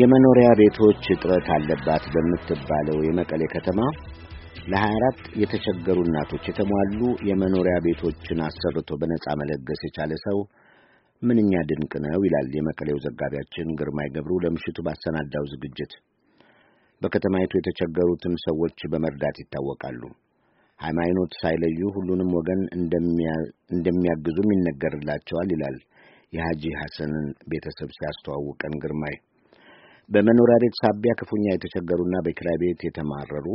የመኖሪያ ቤቶች እጥረት አለባት በምትባለው የመቀሌ ከተማ ለ24 የተቸገሩ እናቶች የተሟሉ የመኖሪያ ቤቶችን አሰርቶ በነጻ መለገስ የቻለ ሰው ምንኛ ድንቅ ነው ይላል የመቀሌው ዘጋቢያችን ግርማይ ገብሩ ለምሽቱ ባሰናዳው ዝግጅት። በከተማይቱ የተቸገሩትን ሰዎች በመርዳት ይታወቃሉ። ሃይማኖት ሳይለዩ ሁሉንም ወገን እንደሚያግዙም ይነገርላቸዋል ይላል የሐጂ ሐሰንን ቤተሰብ ሲያስተዋውቀን ግርማይ በመኖሪያ ቤት ሳቢያ ክፉኛ የተቸገሩና በኪራይ ቤት የተማረሩ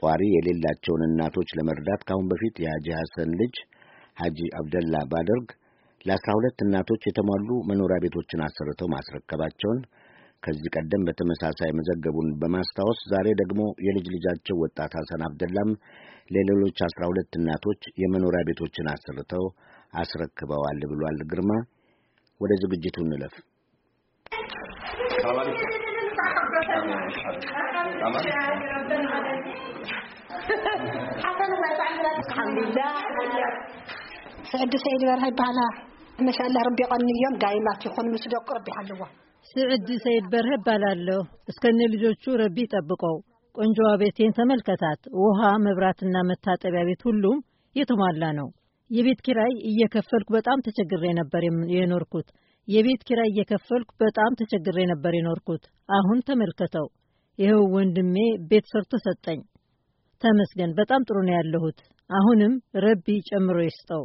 ጧሪ የሌላቸውን እናቶች ለመርዳት ከአሁን በፊት የሐጂ ሐሰን ልጅ ሐጂ አብደላ ባደርግ ለአስራ ሁለት እናቶች የተሟሉ መኖሪያ ቤቶችን አሰርተው ማስረከባቸውን ከዚህ ቀደም በተመሳሳይ መዘገቡን በማስታወስ ዛሬ ደግሞ የልጅ ልጃቸው ወጣት ሐሰን አብደላም ለሌሎች አስራ ሁለት እናቶች የመኖሪያ ቤቶችን አሰርተው አስረክበዋል ብሏል። ግርማ ወደ ዝግጅቱ እንለፍ። ስዕዲ ሰይድ በርሀ ይበሃላ መሻላ ረቢ ቀኒ እዮም ዳይማት ይኹን ምስ ደቁ ረቢ ሓልዋ ስዕዲ ሰይድ በርሀ ይባላለሁ እስከኒ ልጆቹ ረቢ ይጠብቀው ቆንጆዋ ቤቴን ተመልከታት ውሃ መብራትና መታጠቢያ ቤት ሁሉም የተሟላ ነው የቤት ኪራይ እየከፈልኩ በጣም ተቸግሬ ነበር የኖርኩት የቤት ኪራይ እየከፈልኩ በጣም ተቸግሬ ነበር የኖርኩት አሁን ተመልከተው ይኸው ወንድሜ ቤት ሰርቶ ሰጠኝ። ተመስገን፣ በጣም ጥሩ ነው ያለሁት። አሁንም ረቢ ጨምሮ ይስጠው።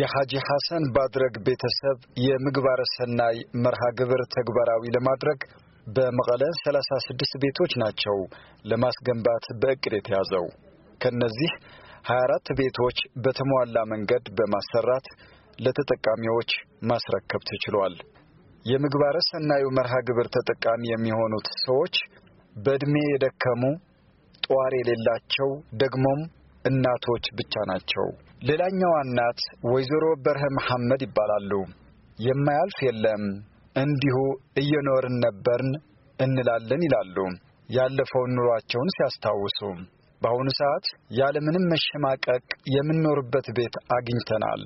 የሐጂ ሐሰን ባድረግ ቤተሰብ የምግባረ ሰናይ መርሃ ግብር ተግባራዊ ለማድረግ በመቀለ 36 ቤቶች ናቸው ለማስገንባት በእቅድ የተያዘው። ከነዚህ 24 ቤቶች በተሟላ መንገድ በማሰራት ለተጠቃሚዎች ማስረከብ ተችሏል። የምግባረ ሰናዩ መርሃ ግብር ተጠቃሚ የሚሆኑት ሰዎች በእድሜ የደከሙ ጧር የሌላቸው ደግሞም እናቶች ብቻ ናቸው። ሌላኛዋ እናት ወይዘሮ በርሀ መሐመድ ይባላሉ። የማያልፍ የለም እንዲሁ እየኖርን ነበርን እንላለን ይላሉ። ያለፈውን ኑሯቸውን ሲያስታውሱ በአሁኑ ሰዓት ያለምንም መሸማቀቅ የምንኖርበት ቤት አግኝተናል፣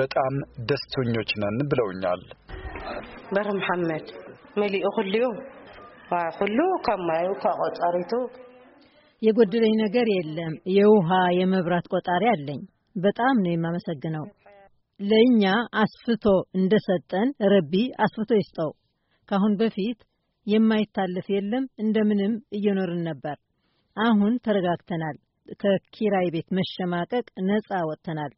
በጣም ደስተኞች ነን ብለውኛል። በር መሐመድ መሊኡ ኩልዩ ኩሉ ከማዩ ከቆጣሪቱ የጎደለኝ ነገር የለም። የውሃ የመብራት ቆጣሪ አለኝ። በጣም ነው የማመሰግነው። ለእኛ አስፍቶ እንደሰጠን ረቢ አስፍቶ ይስጠው። ከአሁን በፊት የማይታለፍ የለም እንደምንም እየኖርን ነበር። አሁን ተረጋግተናል። ከኪራይ ቤት መሸማቀቅ ነጻ ወጥተናል።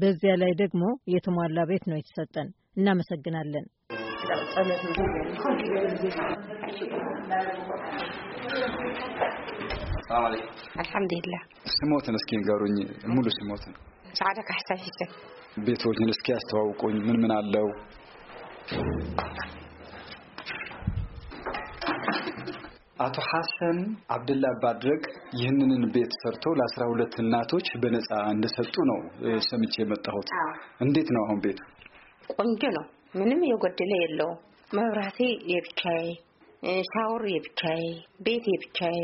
በዚያ ላይ ደግሞ የተሟላ ቤት ነው የተሰጠን። እናመሰግናለን። አልሐምዱሊላህ። ስሞትን እስኪ ንገሩኝ፣ ሙሉ ስሞትን። ሰዓዳ ካሕሳን ሂሰን። ቤቶችን እስኪ ያስተዋውቁኝ፣ ምን ምን አለው? አቶ ሐሰን አብደላ ባድረግ ይህንን ቤት ሰርተው ለአስራ ሁለት እናቶች በነፃ እንደሰጡ ነው ሰምቼ የመጣሁት። እንዴት ነው አሁን ቤቱ? ቆንጆ ነው። ምንም የጎደለ የለው። መብራቴ የብቻዬ፣ ሻወር የብቻዬ፣ ቤት የብቻዬ፣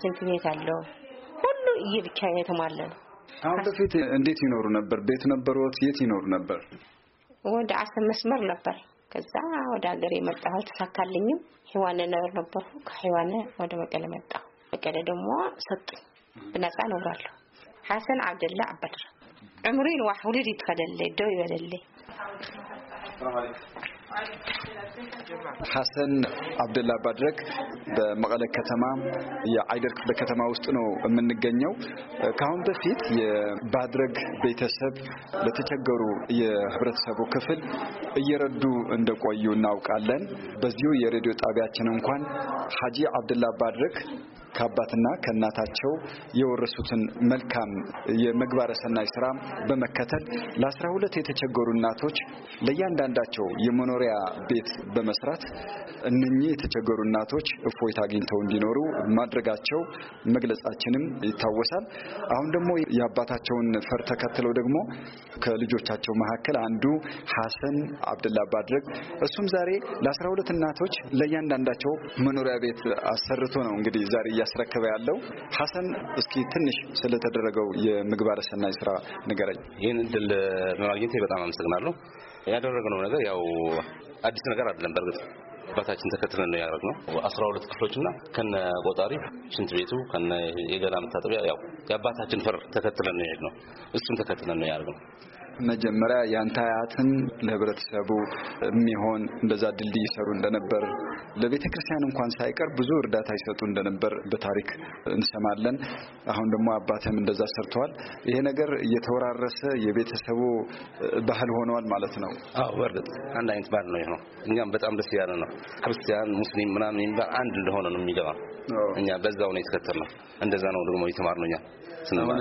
ሽንት ቤት አለው። ሁሉ የብቻዬ የተሟላ ነው። አሁን በፊት እንዴት ይኖሩ ነበር? ቤት ነበሮት? የት ይኖሩ ነበር? ወደ አስር መስመር ነበር። ከዛ ወደ ሀገር የመጣሁ አልተሳካልኝም። ህዋነ ነበር ነበርኩ። ከህዋነ ወደ መቀለ መጣሁ። መቀለ ደግሞ ሰጡኝ። ብነፃ እኖራለሁ። ሐሰን አብደላ አበድር ዕምሪን ዋሕ ውልድ ይትኸደለይ ደው ይበለለይ ሐሰን አብደላ ባድረግ በመቀለ ከተማ የአይደር ክፍለ ከተማ ውስጥ ነው የምንገኘው። ከአሁን በፊት የባድረግ ቤተሰብ ለተቸገሩ የህብረተሰቡ ክፍል እየረዱ እንደቆዩ እናውቃለን። በዚሁ የሬዲዮ ጣቢያችን እንኳን ሀጂ አብደላ ባድረግ ከአባትና ከእናታቸው የወረሱትን መልካም የምግባረ ሰናይ ስራ በመከተል ለአስራ ሁለት የተቸገሩ እናቶች ለእያንዳንዳቸው የመኖሪያ ቤት በመስራት እነኚህ የተቸገሩ እናቶች እፎይታ አግኝተው እንዲኖሩ ማድረጋቸው መግለጻችንም ይታወሳል። አሁን ደግሞ የአባታቸውን ፈር ተከትለው ደግሞ ከልጆቻቸው መካከል አንዱ ሀሰን አብደላ ባድረግ እሱም ዛሬ ለአስራ ሁለት እናቶች ለእያንዳንዳቸው መኖሪያ ቤት አሰርቶ ነው እንግዲህ ዛሬ እያስረከበ ያለው። ሀሰን እስኪ ትንሽ ስለተደረገው የምግባረ ሰናይ ስራ ንገረኝ። ይህን እድል በማግኘት በጣም አመሰግናለሁ። ያደረግነው ነገር ያው አዲስ ነገር አይደለም በእርግጥ አባታችን ተከትለን ነው ያደረግነው። አስራ ሁለት ክፍሎች ከነ ቆጣሪ ሽንት ቤቱ ከነ የገላ መታጠቢያ ያው የአባታችን ፍር ተከትለን ነው የሄድነው። እሱን ተከትለን ነው ያደረግነው። መጀመሪያ ያንተ አያትን ለህብረተሰቡ የሚሆን እንደዛ ድልድይ ይሰሩ እንደነበር ለቤተ ክርስቲያን እንኳን ሳይቀር ብዙ እርዳታ ይሰጡ እንደነበር በታሪክ እንሰማለን። አሁን ደግሞ አባትህም እንደዛ ሰርተዋል። ይሄ ነገር እየተወራረሰ የቤተሰቡ ባህል ሆነዋል ማለት ነው። አዎ በርግጥ አንድ አይነት ባህል ነው ይሄ። እኛም በጣም ደስ ያለ ነው። ክርስቲያን፣ ሙስሊም ምናምን የሚባል አንድ እንደሆነ ነው የሚገባ። እኛ በዛው ነው የተከተልነው። እንደዛ ነው ደግሞ የተማርነው እኛ።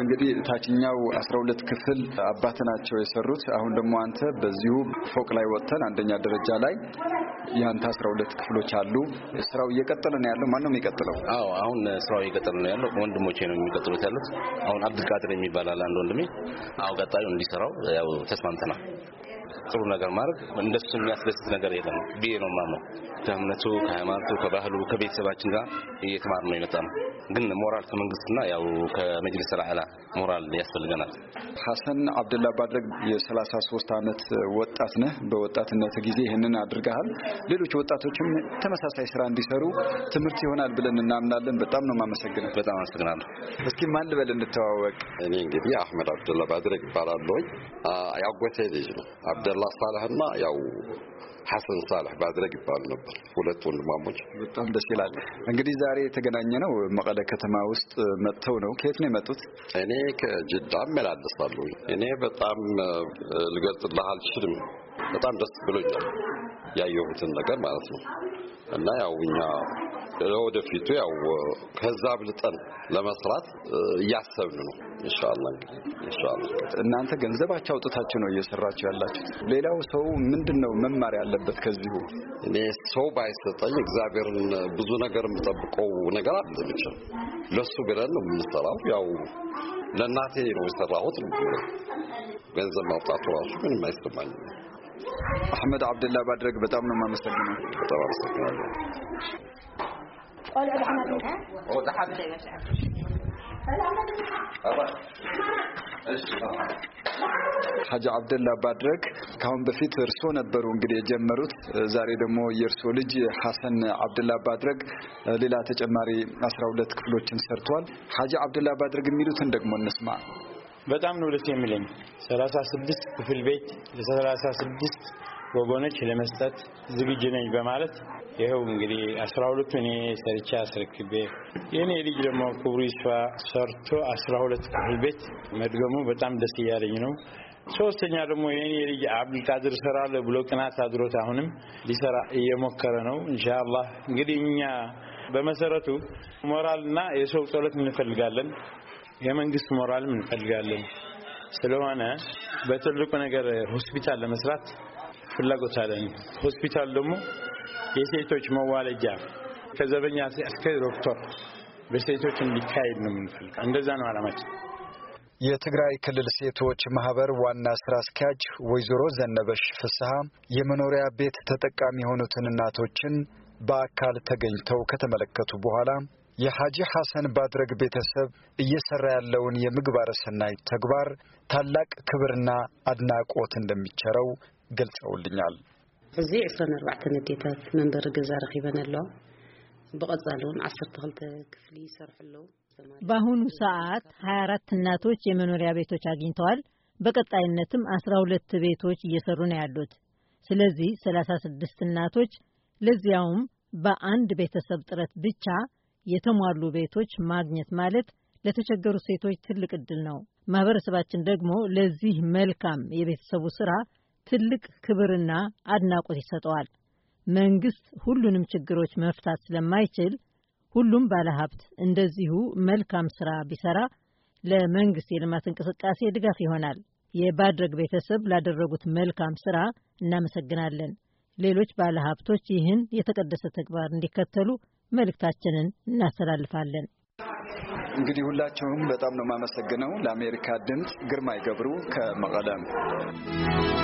እንግዲህ ታችኛው አስራ ሁለት ክፍል አባት ናቸው የሰሩት። አሁን ደግሞ አንተ በዚሁ ፎቅ ላይ ወጥተን አንደኛ ደረጃ ላይ የአንተ አስራ ሁለት ክፍሎች አሉ። ስራው እየቀጠለ ነው ያለው። ማን ነው የሚቀጥለው? አዎ አሁን ስራው እየቀጠለ ነው ያለው። ወንድሞቼ ነው የሚቀጥሉት ያሉት። አሁን አብዱልቃድር የሚባል አለ አንድ ወንድሜ። አዎ ቀጣዩ እንዲሰራው ያው ተስማምተናል። ጥሩ ነገር ማድረግ እንደሱ የሚያስደስት ነገር የለም ብዬ ነው የማምነው። ከእምነቱ፣ ከሃይማኖቱ፣ ከባህሉ፣ ከቤተሰባችን ጋር እየተማር ነው የመጣ ነው። ግን ሞራል ከመንግስትና ያው ከመጅልስ ላዕላ ሞራል ያስፈልገናል። ሐሰን አብደላ ባድረግ የሰላሳ ሶስት አመት ወጣት ነህ። በወጣትነት ጊዜ ይህንን አድርገሃል። ሌሎች ወጣቶችም ተመሳሳይ ስራ እንዲሰሩ ትምህርት ይሆናል ብለን እናምናለን። በጣም ነው የማመሰግነው። በጣም አመሰግናለሁ። እስኪ ማን ልበል እንተዋወቅ። እኔ እንግዲህ አህመድ አብደላ ባድረግ ይባላለሁ። ያጎቴ ልጅ ነው ደላ ሳላህና ያው ሐሰን ሳላህ ባድረግ ይባሉ ነበር። ሁለት ወንድማሞች። በጣም ደስ ይላል። እንግዲህ ዛሬ የተገናኘ ነው መቀለ ከተማ ውስጥ መጥተው ነው። ከየት ነው የመጡት? እኔ ከጅዳ እመላለሳለሁ። እኔ በጣም ልገልጽልህ አልችልም። በጣም ደስ ብሎኛል ያየሁትን ነገር ማለት ነው እና ያው እኛ ለወደፊቱ ያው ከዛ ብልጠን ለመስራት እያሰብን ነው። ኢንሻአላህ ኢንሻአላህ። እናንተ ገንዘባችሁ አውጥታችሁ ነው እየሰራችሁ ያላችሁ። ሌላው ሰው ምንድን ነው መማር ያለበት ከዚሁ? እኔ ሰው ባይሰጠኝ እግዚአብሔርን ብዙ ነገር የምጠብቀው ነገር አለ። ብቻ ለሱ ብለን ነው የምንሰራው። ያው ለእናቴ ነው የሰራሁት። ገንዘብ ማውጣቱ ራሱ ምንም አይሰማኝም። አህመድ አብደላ ባድረግ በጣም ነው የማመሰግነው። በጣም አመሰግናለሁ። ቆልዑ ሀጂ አብደላ ባድረግ ካሁን በፊት እርሶ ነበሩ እንግዲህ የጀመሩት። ዛሬ ደግሞ የእርሶ ልጅ ሀሰን አብደላ ባድረግ ሌላ ተጨማሪ አስራ ሁለት ክፍሎችን ሰርቷል። ሀጂ አብደላ ባድረግ የሚሉትን ደግሞ እንስማ። በጣም ነው ደስ የሚለኝ ሰላሳ ስድስት ክፍል ቤት ለሰላሳ ስድስት ወገኖች ለመስጠት ዝግጁ ነኝ በማለት ይኸው እንግዲህ አስራ ሁለቱ እኔ ሰርቻ አስረክቤ የእኔ ልጅ ደግሞ ክብሩ ይስፋ ሰርቶ አስራ ሁለት ክፍል ቤት መድገሙ በጣም ደስ እያለኝ ነው። ሶስተኛ ደግሞ የኔ ልጅ አብዱልቃድር እሰራለሁ ብሎ ቅናት አድሮት አሁንም ሊሰራ እየሞከረ ነው። ኢንሻአላህ እንግዲህ እኛ በመሰረቱ ሞራልና የሰው ጸሎት እንፈልጋለን፣ የመንግስት ሞራልም እንፈልጋለን። ስለሆነ በትልቁ ነገር ሆስፒታል ለመስራት ፍላጎት አለን። ሆስፒታል ደግሞ የሴቶች መዋለጃ ከዘበኛ እስከ ዶክተር በሴቶች እንዲካሄድ ነው የምንፈልግ። እንደዛ ነው አላማችን። የትግራይ ክልል ሴቶች ማህበር ዋና ስራ አስኪያጅ ወይዘሮ ዘነበሽ ፍስሐ የመኖሪያ ቤት ተጠቃሚ የሆኑትን እናቶችን በአካል ተገኝተው ከተመለከቱ በኋላ የሐጂ ሐሰን ባድረግ ቤተሰብ እየሰራ ያለውን የምግባረ ሰናይ ተግባር ታላቅ ክብርና አድናቆት እንደሚቸረው ገልጸውልኛል። ሕዚ 24 ንዴታት መንበሪ ገዛ ረኺበን ኣሎ ብቐፃሊ እውን 12 ክፍሊ ይሰርሑ ኣለዉ በአሁኑ ሰዓት 24 እናቶች የመኖሪያ ቤቶች አግኝተዋል። በቀጣይነትም 12 ቤቶች እየሰሩ ነው ያሉት። ስለዚህ 36 እናቶች ለዚያውም በአንድ ቤተሰብ ጥረት ብቻ የተሟሉ ቤቶች ማግኘት ማለት ለተቸገሩ ሴቶች ትልቅ እድል ነው። ማህበረሰባችን ደግሞ ለዚህ መልካም የቤተሰቡ ስራ ትልቅ ክብርና አድናቆት ይሰጠዋል። መንግስት ሁሉንም ችግሮች መፍታት ስለማይችል ሁሉም ባለሀብት እንደዚሁ መልካም ስራ ቢሰራ ለመንግስት የልማት እንቅስቃሴ ድጋፍ ይሆናል። የባድረግ ቤተሰብ ላደረጉት መልካም ስራ እናመሰግናለን። ሌሎች ባለሀብቶች ይህን የተቀደሰ ተግባር እንዲከተሉ መልእክታችንን እናስተላልፋለን። እንግዲህ ሁላቸውም በጣም ነው የማመሰግነው። ለአሜሪካ ድምፅ ግርማይ ገብሩ ከመቀለም